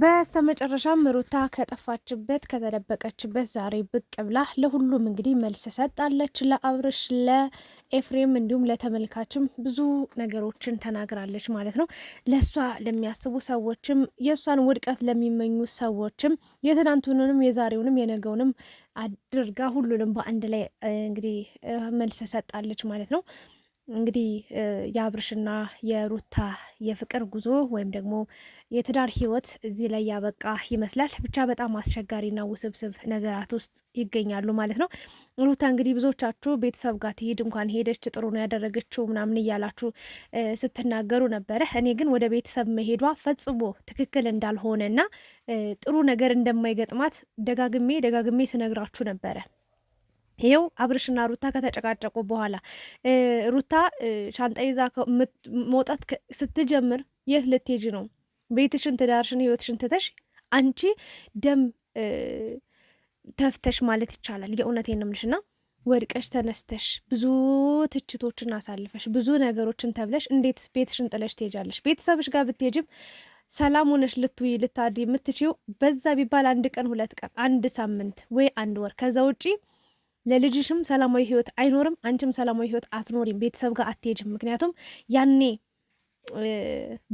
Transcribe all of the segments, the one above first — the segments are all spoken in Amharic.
በስተመጨረሻም ሩታ ከጠፋችበት ከተደበቀችበት ዛሬ ብቅ ብላ ለሁሉም እንግዲህ መልስ ሰጣለች። ለአብርሽ፣ ለኤፍሬም እንዲሁም ለተመልካችም ብዙ ነገሮችን ተናግራለች ማለት ነው። ለእሷ ለሚያስቡ ሰዎችም የእሷን ውድቀት ለሚመኙ ሰዎችም የትናንቱንም የዛሬውንም የነገውንም አድርጋ ሁሉንም በአንድ ላይ እንግዲህ መልስ ሰጣለች ማለት ነው። እንግዲህ የአብርሽና የሩታ የፍቅር ጉዞ ወይም ደግሞ የትዳር ህይወት እዚህ ላይ ያበቃ ይመስላል። ብቻ በጣም አስቸጋሪና ውስብስብ ነገራት ውስጥ ይገኛሉ ማለት ነው። ሩታ እንግዲህ ብዙዎቻችሁ ቤተሰብ ጋር ትሄድ እንኳን ሄደች ጥሩ ነው ያደረገችው ምናምን እያላችሁ ስትናገሩ ነበረ። እኔ ግን ወደ ቤተሰብ መሄዷ ፈጽሞ ትክክል እንዳልሆነና ጥሩ ነገር እንደማይገጥማት ደጋግሜ ደጋግሜ ስነግራችሁ ነበረ። ይኸው አብርሽና ሩታ ከተጨቃጨቁ በኋላ ሩታ ሻንጣ ይዛ መውጣት ስትጀምር የት ልትሄጂ ነው? ቤትሽን፣ ትዳርሽን፣ ህይወትሽን ትተሽ አንቺ ደም ተፍተሽ ማለት ይቻላል። የእውነቴን ነው የምልሽ ና ወድቀሽ ተነስተሽ ብዙ ትችቶችን አሳልፈሽ ብዙ ነገሮችን ተብለሽ እንዴት ቤትሽን ጥለሽ ትሄጃለሽ? ቤተሰብሽ ጋር ብትሄጅም ሰላም ሆነሽ ልትውይ ልታድሪ የምትችይው በዛ ቢባል አንድ ቀን ሁለት ቀን አንድ ሳምንት ወይ አንድ ወር ከዛ ውጪ ለልጅሽም ሰላማዊ ህይወት አይኖርም፣ አንቺም ሰላማዊ ህይወት አትኖሪም፣ ቤተሰብ ጋር አትሄጅም። ምክንያቱም ያኔ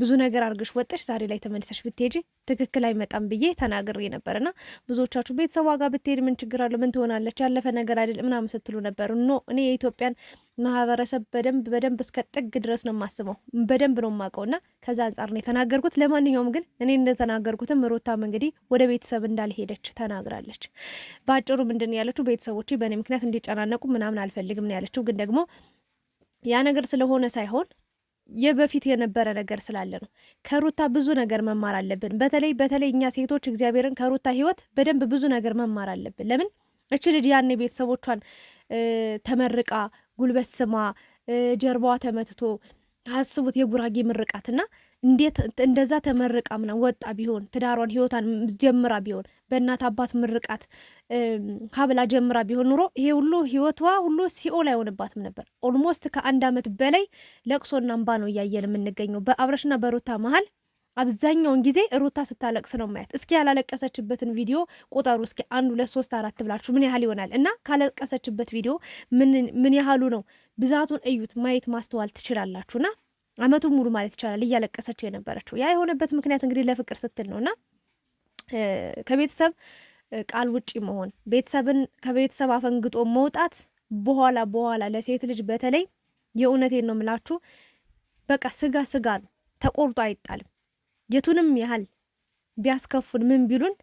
ብዙ ነገር አድርገሽ ወጠሽ ዛሬ ላይ ተመልሰሽ ብትሄጂ ትክክል አይመጣም ብዬ ተናግሬ ነበር እና ብዙዎቻችሁ ቤተሰቧ ጋር ብትሄድ ምን ችግር አለው? ምን ትሆናለች? ያለፈ ነገር አይደል ምናምን ስትሉ ነበር። ኖ እኔ የኢትዮጵያን ማህበረሰብ በደንብ በደንብ እስከ ጥግ ድረስ ነው የማስበው፣ በደንብ ነው የማውቀው እና ከዛ አንጻር ነው የተናገርኩት። ለማንኛውም ግን እኔ እንደተናገርኩትም ሩታም እንግዲህ ወደ ቤተሰብ እንዳልሄደች ተናግራለች። በአጭሩ ምንድን ያለችው? ቤተሰቦች በእኔ ምክንያት እንዲጨናነቁ ምናምን አልፈልግም ነው ያለችው። ግን ደግሞ ያ ነገር ስለሆነ ሳይሆን የበፊት የነበረ ነገር ስላለ ነው። ከሩታ ብዙ ነገር መማር አለብን። በተለይ በተለይ እኛ ሴቶች እግዚአብሔርን ከሩታ ህይወት በደንብ ብዙ ነገር መማር አለብን። ለምን እች ልጅ ያኔ ቤተሰቦቿን ተመርቃ ጉልበት ስማ ጀርባዋ ተመትቶ አስቡት፣ የጉራጌ ምርቃትና እንዴት እንደዛ ተመርቃ ምናምን ወጣ ቢሆን ትዳሯን ህይወቷን ጀምራ ቢሆን በእናት አባት ምርቃት ሀብላ ጀምራ ቢሆን ኑሮ ይሄ ሁሉ ህይወቷ ሁሉ ሲኦል አይሆንባትም ነበር። ኦልሞስት ከአንድ ዓመት በላይ ለቅሶና እንባ ነው እያየን የምንገኘው በአብረሽና በሩታ መሀል። አብዛኛውን ጊዜ ሩታ ስታለቅስ ነው ማየት። እስኪ ያላለቀሰችበትን ቪዲዮ ቁጠሩ እስኪ አንድ ሁለት ሶስት አራት ብላችሁ ምን ያህል ይሆናል? እና ካለቀሰችበት ቪዲዮ ምን ያህሉ ነው ብዛቱን እዩት፣ ማየት ማስተዋል ትችላላችሁና አመቱን ሙሉ ማለት ይቻላል እያለቀሰች የነበረችው። ያ የሆነበት ምክንያት እንግዲህ ለፍቅር ስትል ነው እና ከቤተሰብ ቃል ውጪ መሆን፣ ቤተሰብን ከቤተሰብ አፈንግጦ መውጣት በኋላ በኋላ ለሴት ልጅ በተለይ የእውነቴን ነው የምላችሁ፣ በቃ ስጋ ስጋ ነው፣ ተቆርጦ አይጣልም። የቱንም ያህል ቢያስከፉን ምን ቢሉን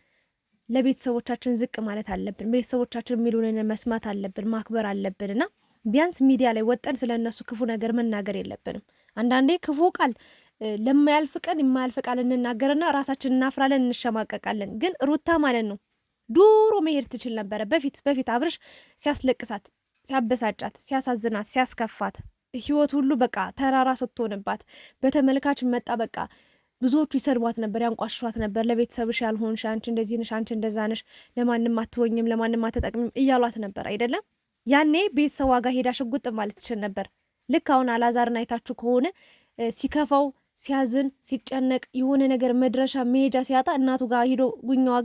ለቤተሰቦቻችን ዝቅ ማለት አለብን። ቤተሰቦቻችን የሚሉንን መስማት አለብን፣ ማክበር አለብን እና ቢያንስ ሚዲያ ላይ ወጠን ስለ እነሱ ክፉ ነገር መናገር የለብንም። አንዳንዴ ክፉ ቃል ለማያልፍ ቀን የማያልፍ ቃል እንናገርና ራሳችን እናፍራለን፣ እንሸማቀቃለን። ግን ሩታ ማለት ነው ዱሮ መሄድ ትችል ነበረ። በፊት በፊት አብርሽ ሲያስለቅሳት፣ ሲያበሳጫት፣ ሲያሳዝናት፣ ሲያስከፋት ህይወት ሁሉ በቃ ተራራ ስትሆንባት በተመልካች መጣ በቃ ብዙዎቹ ይሰድቧት ነበር፣ ያንቋሽሿት ነበር። ለቤተሰብሽ ያልሆንሽ አንቺ እንደዚህ ነሽ፣ አንቺ እንደዛ ነሽ፣ ለማንም አትወኝም፣ ለማንም አትጠቅሚም እያሏት ነበር አይደለም? ያኔ ቤተሰብ ዋጋ ሄዳ ሽጉጥ ማለት ትችል ነበር። ልክ አሁን አላዛርን አይታችሁ ከሆነ ሲከፋው፣ ሲያዝን፣ ሲጨነቅ የሆነ ነገር መድረሻ መሄጃ ሲያጣ እናቱ ጋር ሂዶ ጉኛዋ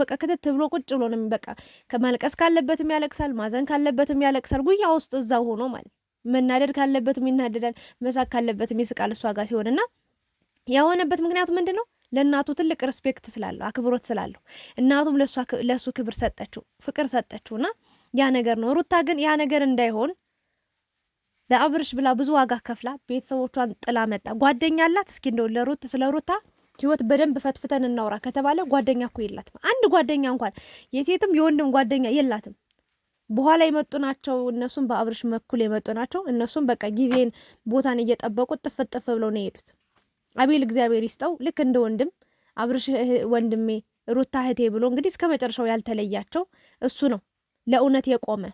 በቃ ክትት ብሎ ቁጭ ብሎ ነው በቃ ከማልቀስ ካለበትም ያለቅሳል፣ ማዘን ካለበትም ያለቅሳል። ጉያ ውስጥ እዛው ሆኖ ማለት መናደድ ካለበትም ይናደዳል፣ መሳቅ ካለበትም ይስቃል እሷ ጋር ሲሆንና የሆነበት ምክንያቱ ምንድን ነው? ለእናቱ ትልቅ ሪስፔክት ስላለው አክብሮት ስላለው እናቱም ለእሱ ክብር ሰጠችው፣ ፍቅር ሰጠችውና ያ ነገር ነው። ሩታ ግን ያ ነገር እንዳይሆን ለአብርሽ ብላ ብዙ ዋጋ ከፍላ ቤተሰቦቿን ጥላ መጣ። ጓደኛ አላት። እስኪ እንደው ለሩት ስለ ሩታ ህይወት በደንብ ፈትፍተን እናውራ ከተባለ ጓደኛ እኮ የላትም። አንድ ጓደኛ እንኳን የሴትም የወንድም ጓደኛ የላትም። በኋላ የመጡ ናቸው። እነሱም በአብርሽ በኩል የመጡ ናቸው። እነሱም በቃ ጊዜን ቦታን እየጠበቁ ጥፍጥፍ ብለው ነው የሄዱት። አቤል እግዚአብሔር ይስጠው ልክ እንደ ወንድም አብርሽ ወንድሜ፣ ሩታ እህቴ ብሎ እንግዲህ እስከ መጨረሻው ያልተለያቸው እሱ ነው። ለእውነት የቆመ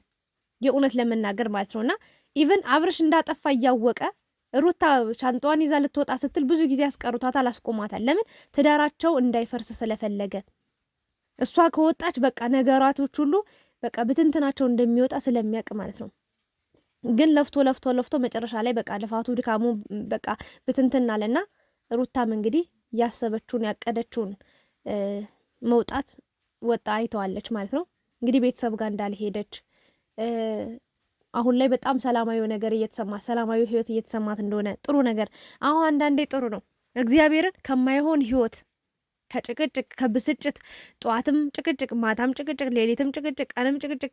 የእውነት ለመናገር ማለት ነውና ኢቨን አብርሽ እንዳጠፋ እያወቀ ሩታ ሻንጣዋን ይዛ ልትወጣ ስትል ብዙ ጊዜ ያስቀሩታታል፣ አስቆሟታል። ለምን ትዳራቸው እንዳይፈርስ ስለፈለገ እሷ ከወጣች በቃ ነገራቶች ሁሉ በቃ ብትንትናቸው እንደሚወጣ ስለሚያውቅ ማለት ነው። ግን ለፍቶ ለፍቶ ለፍቶ መጨረሻ ላይ በቃ ልፋቱ ድካሙ በቃ ብትንትን አለና ሩታም እንግዲህ ያሰበችውን ያቀደችውን መውጣት ወጣ አይተዋለች ማለት ነው። እንግዲህ ቤተሰብ ጋር እንዳልሄደች አሁን ላይ በጣም ሰላማዊ ነገር እየተሰማት ሰላማዊ ህይወት እየተሰማት እንደሆነ ጥሩ ነገር አሁን አንዳንዴ ጥሩ ነው። እግዚአብሔርን ከማይሆን ህይወት ከጭቅጭቅ ከብስጭት፣ ጠዋትም ጭቅጭቅ፣ ማታም ጭቅጭቅ፣ ሌሊትም ጭቅጭቅ፣ ቀንም ጭቅጭቅ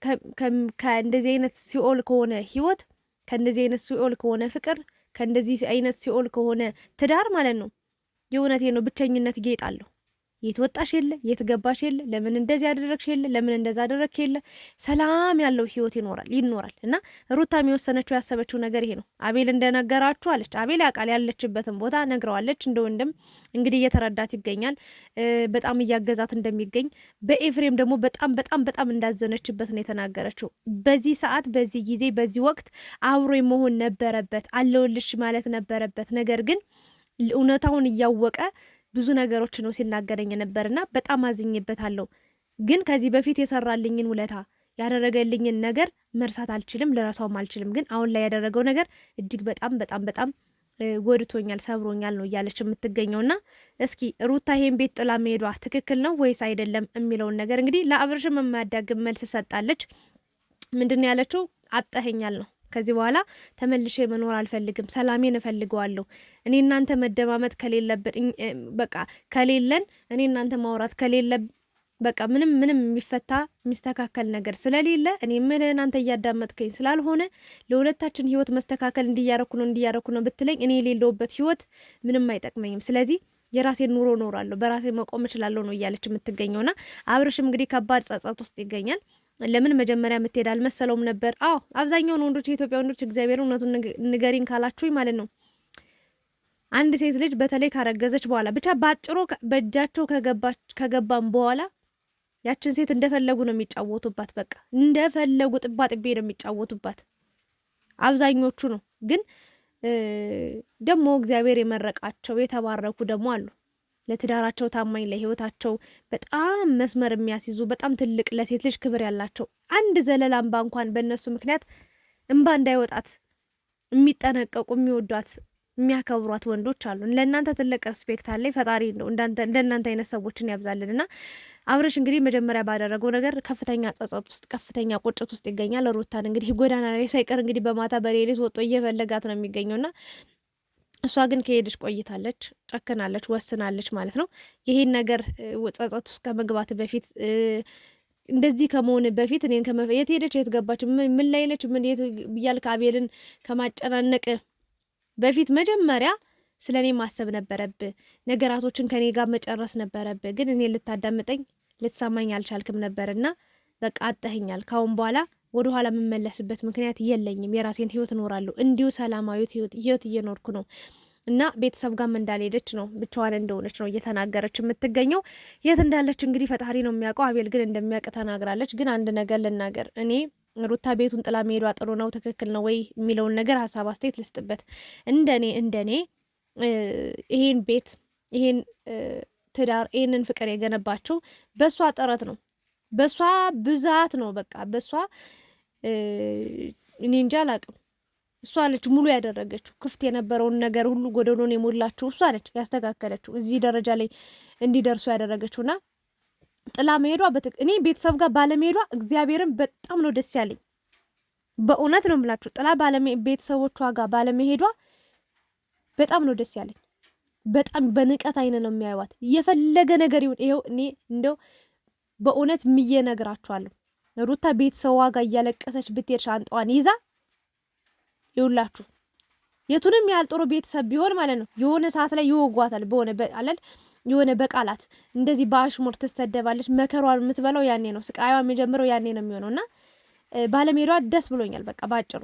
ከእንደዚህ አይነት ሲኦል ከሆነ ህይወት ከእንደዚህ አይነት ሲኦል ከሆነ ፍቅር ከእንደዚህ አይነት ሲኦል ከሆነ ትዳር ማለት ነው። የእውነቴ ነው። ብቸኝነት ጌጥ አለሁ የት ወጣሽ የለ የት ገባሽ የለ ለምን እንደዚህ ያደረግሽ የለ ለምን እንደዛ አደረግሽ የለ ሰላም ያለው ህይወት ይኖራል ይኖራል። እና ሩታም የወሰነችው ያሰበችው ነገር ይሄ ነው። አቤል እንደነገራችሁ አለች። አቤል ያውቃል፣ ያለችበትን ቦታ ነግረዋለች። እንደ ወንድም እንግዲህ እየተረዳት ይገኛል። በጣም እያገዛት እንደሚገኝ በኤፍሬም ደግሞ በጣም በጣም በጣም እንዳዘነችበት ነው የተናገረችው። በዚህ ሰዓት፣ በዚህ ጊዜ፣ በዚህ ወቅት አብሮ መሆን ነበረበት፣ አለውልሽ ማለት ነበረበት። ነገር ግን እውነታውን እያወቀ ብዙ ነገሮች ነው ሲናገረኝ ነበርና በጣም አዝኜበታለሁ። ግን ከዚህ በፊት የሰራልኝን ውለታ ያደረገልኝን ነገር መርሳት አልችልም፣ ልረሳውም አልችልም። ግን አሁን ላይ ያደረገው ነገር እጅግ በጣም በጣም በጣም ጎድቶኛል፣ ሰብሮኛል ነው እያለች የምትገኘውና እስኪ ሩታ ይሄን ቤት ጥላ መሄዷ ትክክል ነው ወይስ አይደለም የሚለውን ነገር እንግዲህ ለአብርሽም የማያዳግም መልስ ሰጣለች። ምንድን ያለችው አጠኸኛል ነው ከዚህ በኋላ ተመልሼ መኖር አልፈልግም። ሰላሜን እፈልገዋለሁ። እኔ እናንተ መደማመጥ ከሌለብን በቃ ከሌለን እኔ እናንተ ማውራት ከሌለ በቃ ምንም ምንም የሚፈታ የሚስተካከል ነገር ስለሌለ እኔ ምን እናንተ እያዳመጥከኝ ስላልሆነ ለሁለታችን ህይወት መስተካከል እንዲያረኩ ነው እንዲያረኩ ነው ብትለኝ እኔ የሌለውበት ህይወት ምንም አይጠቅመኝም። ስለዚህ የራሴን ኑሮ እኖራለሁ፣ በራሴ መቆም እችላለሁ ነው እያለች የምትገኘውና አብርሽም እንግዲህ ከባድ ጸጸት ውስጥ ይገኛል። ለምን መጀመሪያ የምትሄድ አልመሰለውም ነበር። አዎ አብዛኛውን ወንዶች የኢትዮጵያ ወንዶች እግዚአብሔር እውነቱን ንገሪን ካላችሁኝ ማለት ነው አንድ ሴት ልጅ በተለይ ካረገዘች በኋላ ብቻ በአጭሩ በእጃቸው ከገባም በኋላ ያችን ሴት እንደፈለጉ ነው የሚጫወቱባት። በቃ እንደፈለጉ ጥባ ጥቤ ነው የሚጫወቱባት አብዛኞቹ ነው። ግን ደግሞ እግዚአብሔር የመረቃቸው የተባረኩ ደግሞ አሉ። ለትዳራቸው ታማኝ፣ ለህይወታቸው በጣም መስመር የሚያስይዙ በጣም ትልቅ ለሴት ልጅ ክብር ያላቸው አንድ ዘለላ እንባ እንኳን በእነሱ ምክንያት እንባ እንዳይወጣት የሚጠነቀቁ የሚወዷት የሚያከብሯት ወንዶች አሉ። ለእናንተ ትልቅ ሪስፔክት አለኝ። ፈጣሪ ነው እንደእናንተ አይነት ሰዎችን ያብዛልን። እና አብረሽ እንግዲህ መጀመሪያ ባደረገው ነገር ከፍተኛ ጸጸት ውስጥ ከፍተኛ ቁጭት ውስጥ ይገኛል። ሩታን እንግዲህ ጎዳና ላይ ሳይቀር እንግዲህ በማታ በሌሊት ወጦ እየፈለጋት ነው የሚገኘውና እሷ ግን ከሄደች ቆይታለች፣ ጨክናለች፣ ወስናለች ማለት ነው። ይሄን ነገር ጸጸት ውስጥ ከመግባት በፊት እንደዚህ ከመሆን በፊት እኔን የት ሄደች የት ገባች ምን ላይ ነች ምን የት ብያልክ አቤልን ከማጨናነቅ በፊት መጀመሪያ ስለ እኔ ማሰብ ነበረብ። ነገራቶችን ከኔ ጋር መጨረስ ነበረብ። ግን እኔ ልታዳምጠኝ ልትሰማኝ አልቻልክም ነበርና በቃ አጠህኛል። ካሁን በኋላ ወደኋላ የምመለስበት ምክንያት የለኝም። የራሴን ህይወት እኖራለሁ። እንዲሁ ሰላማዊ ህይወት እየኖርኩ ነው እና ቤተሰብ ጋም እንዳልሄደች ነው ብቻዋን እንደሆነች ነው እየተናገረች የምትገኘው። የት እንዳለች እንግዲህ ፈጣሪ ነው የሚያውቀው። አቤል ግን እንደሚያውቅ ተናግራለች። ግን አንድ ነገር ልናገር እኔ ሩታ ቤቱን ጥላ መሄዷ ጥሩ ነው ትክክል ነው ወይ የሚለውን ነገር ሀሳብ አስተያየት ልስጥበት። እንደኔ እንደኔ ይሄን ቤት ይሄን ትዳር ይሄንን ፍቅር የገነባቸው በእሷ ጥረት ነው፣ በእሷ ብዛት ነው፣ በቃ በእሷ እኔ እንጃ አላቅም። እሷ አለች ሙሉ ያደረገችው ክፍት የነበረውን ነገር ሁሉ ጎደሎን የሞላችው እሷ አለች ያስተካከለችው፣ እዚህ ደረጃ ላይ እንዲደርሱ ያደረገችውና ጥላ መሄዷ እኔ ቤተሰብ ጋር ባለመሄዷ እግዚአብሔርን በጣም ነው ደስ ያለኝ። በእውነት ነው የምላችሁ ጥላ ቤተሰቦቿ ጋር ባለመሄዷ በጣም ነው ደስ ያለኝ። በጣም በንቀት አይነ ነው የሚያዩዋት የፈለገ ነገር ይሁን። ይኸው እኔ እንደው በእውነት ምዬ ነግራችኋለሁ ሩታ ቤተሰቧ ጋር እያለቀሰች ብትሄድ ሻንጣዋን ይዛ ይውላችሁ የቱንም ያህል ጥሩ ቤተሰብ ቢሆን ማለት ነው የሆነ ሰዓት ላይ ይወጓታል። በሆነ በቃላት የሆነ በቃላት እንደዚህ በአሽሙር ትሰደባለች። መከሯን የምትበላው ያኔ ነው፣ ስቃይዋ የሚጀምረው ያኔ ነው የሚሆነው እና ባለሜዷ ደስ ብሎኛል። በቃ ባጭሩ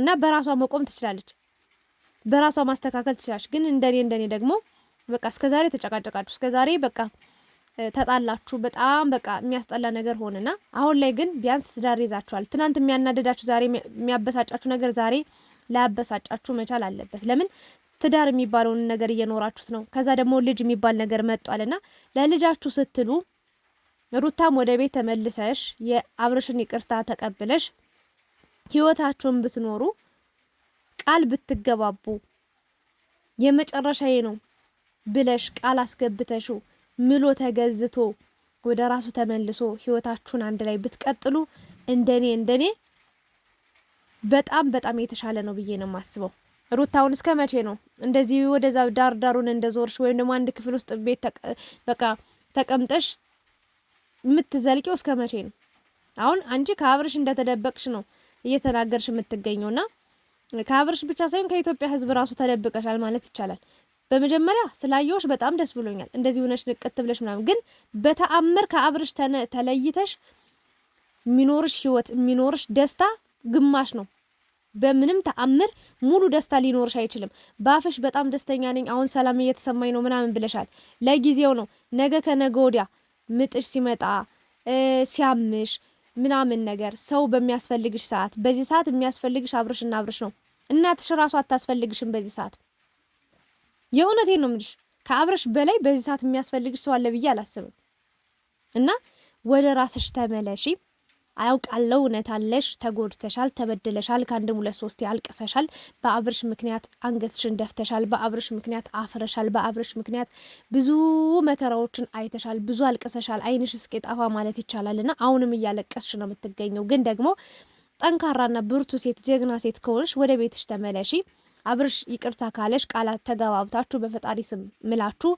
እና በራሷ መቆም ትችላለች፣ በራሷ ማስተካከል ትችላለች። ግን እንደኔ እንደኔ ደግሞ በቃ እስከዛሬ ተጨቃጨቃችሁ፣ እስከዛሬ በቃ ተጣላችሁ፣ በጣም በቃ የሚያስጠላ ነገር ሆነና፣ አሁን ላይ ግን ቢያንስ ትዳር ይዛችኋል። ትናንት የሚያናደዳችሁ ዛሬ የሚያበሳጫችሁ ነገር ዛሬ ላያበሳጫችሁ መቻል አለበት። ለምን ትዳር የሚባለውን ነገር እየኖራችሁት ነው። ከዛ ደግሞ ልጅ የሚባል ነገር መጧልና ለልጃችሁ ስትሉ ሩታም ወደ ቤት ተመልሰሽ የአብርሽን ይቅርታ ተቀብለሽ ህይወታችሁን ብትኖሩ ቃል ብትገባቡ የመጨረሻዬ ነው ብለሽ ቃል አስገብተሽው ምሎ ተገዝቶ ወደ ራሱ ተመልሶ ህይወታችሁን አንድ ላይ ብትቀጥሉ እንደኔ እንደኔ በጣም በጣም የተሻለ ነው ብዬ ነው የማስበው። ሩታውን እስከ መቼ ነው እንደዚህ ወደዛ ዳር ዳሩን እንደዞርሽ ወይም ደግሞ አንድ ክፍል ውስጥ ቤት በቃ ተቀምጠሽ የምትዘልቂው እስከ መቼ ነው? አሁን አንቺ ከአብርሽ እንደተደበቅሽ ነው እየተናገርሽ የምትገኘውና ከአብርሽ ብቻ ሳይሆን ከኢትዮጵያ ህዝብ ራሱ ተደብቀሻል ማለት ይቻላል። በመጀመሪያ ስላየሁሽ በጣም ደስ ብሎኛል። እንደዚህ ሆነሽ ንቅት ብለሽ ምናምን፣ ግን በተአምር ከአብርሽ ተለይተሽ የሚኖርሽ ህይወት የሚኖርሽ ደስታ ግማሽ ነው። በምንም ተአምር ሙሉ ደስታ ሊኖርሽ አይችልም። ባፍሽ በጣም ደስተኛ ነኝ፣ አሁን ሰላም እየተሰማኝ ነው ምናምን ብለሻል። ለጊዜው ነው። ነገ ከነገ ወዲያ ምጥሽ ሲመጣ ሲያምሽ ምናምን ነገር ሰው በሚያስፈልግሽ ሰዓት፣ በዚህ ሰዓት የሚያስፈልግሽ አብርሽና አብርሽ ነው። እናትሽ ራሱ አታስፈልግሽም በዚህ ሰዓት የእውነቴ ነው የምልሽ። ከአብረሽ በላይ በዚህ ሰዓት የሚያስፈልግሽ ሰው አለ ብዬ አላስብም። እና ወደ ራስሽ ተመለሺ። አያውቃለው እውነት አለሽ፣ ተጎድተሻል፣ ተበድለሻል፣ ከአንድም ሁለት ሶስት ያልቅሰሻል። በአብርሽ ምክንያት አንገትሽን ደፍተሻል፣ በአብርሽ ምክንያት አፍረሻል፣ በአብርሽ ምክንያት ብዙ መከራዎችን አይተሻል፣ ብዙ አልቅሰሻል። አይንሽ እስኪ ማለት ይቻላል። ይቻላልና አሁንም እያለቀስሽ ነው የምትገኘው። ግን ደግሞ ጠንካራና ብርቱ ሴት፣ ጀግና ሴት ከሆንሽ ወደ ቤትሽ ተመለሺ። አብርሽ ይቅርታ ካለሽ ቃላት ተገባብታችሁ በፈጣሪ ስም ምላችሁ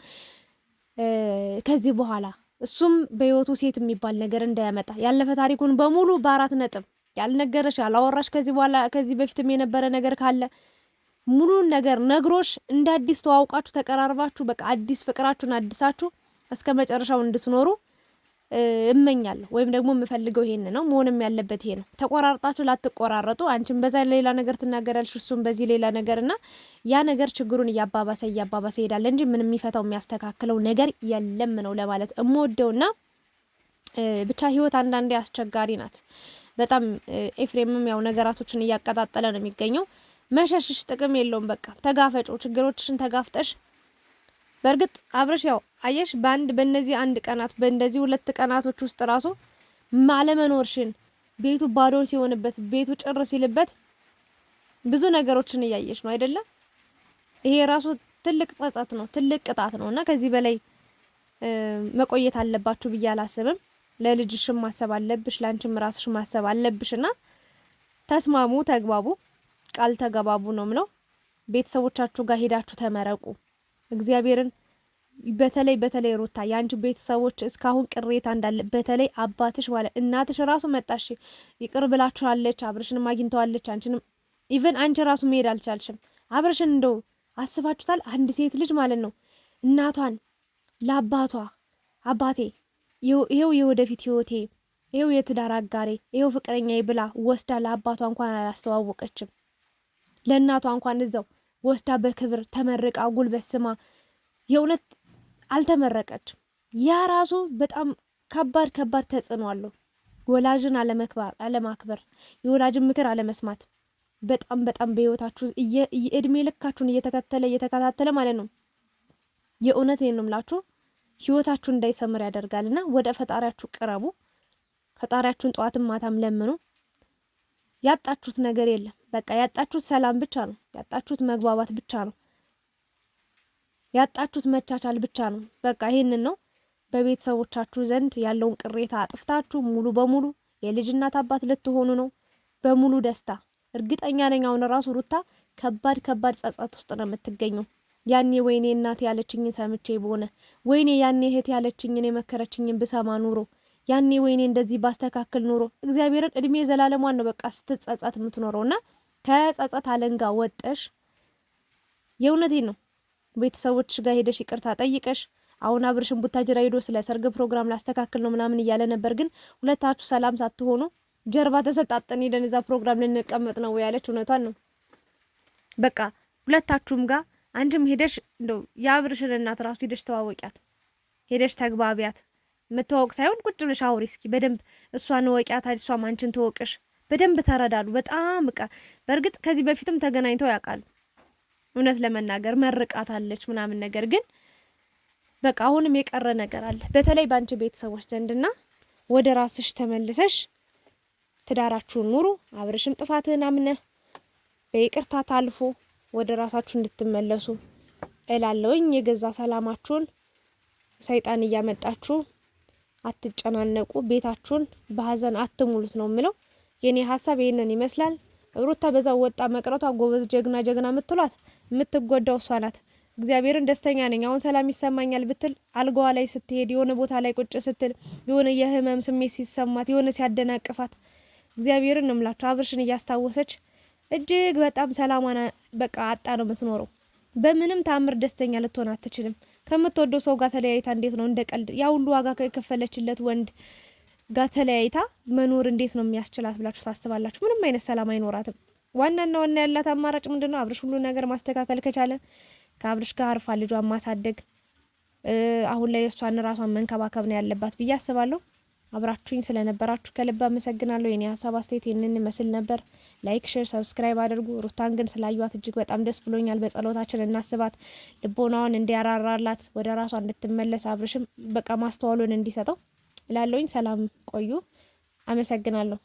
ከዚህ በኋላ እሱም በህይወቱ ሴት የሚባል ነገር እንዳያመጣ ያለፈ ታሪኩን በሙሉ በአራት ነጥብ ያልነገረሽ ያላወራሽ ከዚህ በኋላ ከዚህ በፊትም የነበረ ነገር ካለ ሙሉን ነገር ነግሮሽ እንደ አዲስ ተዋውቃችሁ ተቀራርባችሁ በቃ አዲስ ፍቅራችሁን አዲሳችሁ እስከ መጨረሻው እንድትኖሩ እመኛለሁ ወይም ደግሞ የምፈልገው ይሄን ነው፣ መሆንም ያለበት ይሄ ነው። ተቆራርጣችሁ ላትቆራረጡ፣ አንቺም በዛ ሌላ ነገር ትናገራለሽ፣ እሱም በዚህ ሌላ ነገር እና ያ ነገር ችግሩን እያባባሰ እያባባሰ ይሄዳል እንጂ ምን የሚፈታው የሚያስተካክለው ነገር የለም ነው ለማለት እምወደውና ብቻ ህይወት አንዳንዴ አስቸጋሪ ናት በጣም ኤፍሬምም ያው ነገራቶችን እያቀጣጠለ ነው የሚገኘው። መሸሽሽ ጥቅም የለውም። በቃ ተጋፈጮ ችግሮችሽን ተጋፍጠሽ በእርግጥ አብረሽ ያው አየሽ በአንድ በእነዚህ አንድ ቀናት በእንደዚህ ሁለት ቀናቶች ውስጥ ራሱ ማለመኖርሽን ቤቱ ባዶ ሲሆንበት ቤቱ ጭር ሲልበት ብዙ ነገሮችን እያየሽ ነው አይደለም። ይሄ ራሱ ትልቅ ጸጸት ነው፣ ትልቅ ቅጣት ነው እና ከዚህ በላይ መቆየት አለባችሁ ብዬ አላስብም። ለልጅሽም ማሰብ አለብሽ፣ ለአንቺም ራስሽ ማሰብ አለብሽ። እና ተስማሙ፣ ተግባቡ፣ ቃል ተገባቡ ነው ምለው። ቤተሰቦቻችሁ ጋር ሄዳችሁ ተመረቁ እግዚአብሔርን በተለይ በተለይ ሩታ የአንቺ ቤተሰቦች እስካሁን ቅሬታ እንዳለ በተለይ አባትሽ ማለት እናትሽ ራሱ መጣሽ ይቅር ብላችኋለች። አብርሽንም አግኝተዋለች። አንቺንም ኢቨን አንቺ ራሱ መሄድ አልቻልሽም። አብርሽን እንደው አስባችሁታል? አንድ ሴት ልጅ ማለት ነው እናቷን ለአባቷ አባቴ ይኸው የወደፊት ህይወቴ ይሄው የትዳር አጋሬ ይኸው ፍቅረኛ ብላ ወስዳ ለአባቷ እንኳን አላስተዋወቀችም። ለእናቷ እንኳን እዛው ወስዳ በክብር ተመርቃ ጉልበት ስማ የእውነት አልተመረቀችም። ያ ራሱ በጣም ከባድ ከባድ ተጽዕኖ አለው። ወላጅን አለመክበር አለማክበር፣ የወላጅን ምክር አለመስማት በጣም በጣም በህይወታችሁ እድሜ ልካችሁን እየተከተለ እየተከታተለ ማለት ነው። የእውነት ነው ምላችሁ ህይወታችሁ እንዳይሰምር ያደርጋል እና ወደ ፈጣሪያችሁ ቅረቡ። ፈጣሪያችሁን ጠዋትም ማታም ለምኑ። ያጣችሁት ነገር የለም። በቃ ያጣችሁት ሰላም ብቻ ነው። ያጣችሁት መግባባት ብቻ ነው። ያጣችሁት መቻቻል ብቻ ነው። በቃ ይህንን ነው። በቤተሰቦቻችሁ ዘንድ ያለውን ቅሬታ አጥፍታችሁ ሙሉ በሙሉ የልጅ እናት አባት ልትሆኑ ነው። በሙሉ ደስታ እርግጠኛ ነኝ። አሁን ራሱ ሩታ ከባድ ከባድ ጸጸት ውስጥ ነው የምትገኘው። ያኔ ወይኔ እናት ያለችኝን ሰምቼ በሆነ ወይኔ ያኔ እህት ያለችኝን የመከረችኝን ብሰማ ኑሮ ያኔ ወይኔ እንደዚህ ባስተካክል ኑሮ እግዚአብሔርን እድሜ ዘላለሟን ነው በቃ ስትጸጸት የምትኖረው። ና ከጸጸት አለንጋ ወጠሽ የእውነቴን ነው ቤተሰቦች ጋር ሄደሽ ይቅርታ ጠይቀሽ አሁን አብርሽን ቡታጅራ ሄዶ ስለ ሰርግ ፕሮግራም ላስተካክል ነው ምናምን እያለ ነበር። ግን ሁለታችሁ ሰላም ሳትሆኑ ጀርባ ተሰጣጠን ሄደን እዛ ፕሮግራም ልንቀመጥ ነው ያለች እውነቷን ነው። በቃ ሁለታችሁም ጋር አንድም ሄደሽ እንደው የአብርሽን እናት ራሱ ሄደሽ ተዋወቂያት፣ ሄደሽ ተግባቢያት። መተዋወቅ ሳይሆን ቁጭ ብለሽ አውሪ እስኪ በደንብ እሷን ወቂያት፣ እሷም አንቺን ትወቅሽ። በደንብ ተረዳሉ። በጣም በቃ በእርግጥ ከዚህ በፊትም ተገናኝተው ያውቃሉ እውነት ለመናገር መርቃታለች ምናምን ነገር ግን በቃ አሁንም የቀረ ነገር አለ። በተለይ በአንቺ ቤተሰቦች ዘንድና ወደ ራስሽ ተመልሰሽ ትዳራችሁን ኑሩ። አብረሽም ጥፋትህን አምነ በይቅርታ ታልፎ ወደ ራሳችሁ እንድትመለሱ እላለውኝ። የገዛ ሰላማችሁን ሰይጣን እያመጣችሁ አትጨናነቁ። ቤታችሁን በሀዘን አትሙሉት ነው የምለው። የኔ ሀሳብ ይህንን ይመስላል። ሩታ በዛው ወጣ መቅረቷ ጎበዝ ጀግና ጀግና የምትሏት የምትጎዳው እሷ ናት። እግዚአብሔርን ደስተኛ ነኝ አሁን ሰላም ይሰማኛል ብትል አልጋዋ ላይ ስትሄድ፣ የሆነ ቦታ ላይ ቁጭ ስትል፣ የሆነ የህመም ስሜት ሲሰማት፣ የሆነ ሲያደናቅፋት እግዚአብሔርን ነው አብርሽን እያስታወሰች እጅግ በጣም ሰላማና በቃ አጣ ነው የምትኖረው። በምንም ታምር ደስተኛ ልትሆን አትችልም። ከምትወደው ሰው ጋር ተለያይታ እንዴት ነው እንደ ቀልድ ያ ሁሉ ዋጋ የከፈለችለት ወንድ ጋር ተለያይታ መኖር እንዴት ነው የሚያስችላት ብላችሁ ታስባላችሁ? ምንም አይነት ሰላም አይኖራትም። ዋናና ዋና ያላት አማራጭ ምንድነው? አብርሽ ሁሉ ነገር ማስተካከል ከቻለ ከአብርሽ ጋር አርፋ ልጇን ማሳደግ አሁን ላይ እሷን ራሷን መንከባከብ ነው ያለባት ብዬ አስባለሁ። አብራችሁኝ ስለነበራችሁ ከልብ አመሰግናለሁ። የኔ ሀሳብ አስተያየት ይህንን ይመስል ነበር። ላይክ፣ ሼር፣ ሰብስክራይብ አድርጉ። ሩታን ግን ስላዩዋት እጅግ በጣም ደስ ብሎኛል። በጸሎታችን እናስባት፣ ልቦናዋን እንዲያራራላት፣ ወደ ራሷ እንድትመለስ፣ አብርሽም በቃ ማስተዋሉን እንዲሰጠው እላለሁኝ። ሰላም ቆዩ። አመሰግናለሁ።